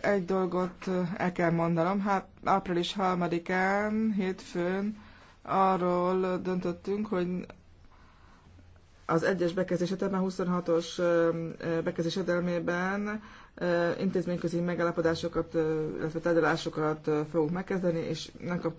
egy dolgot el kell mondanom. Hát április 3-án, hétfőn arról döntöttünk, hogy az egyes bekezdés a 26-os bekezdés edelmében intézményközi megállapodásokat, illetve tárgyalásokat fogunk megkezdeni, és nem kaptunk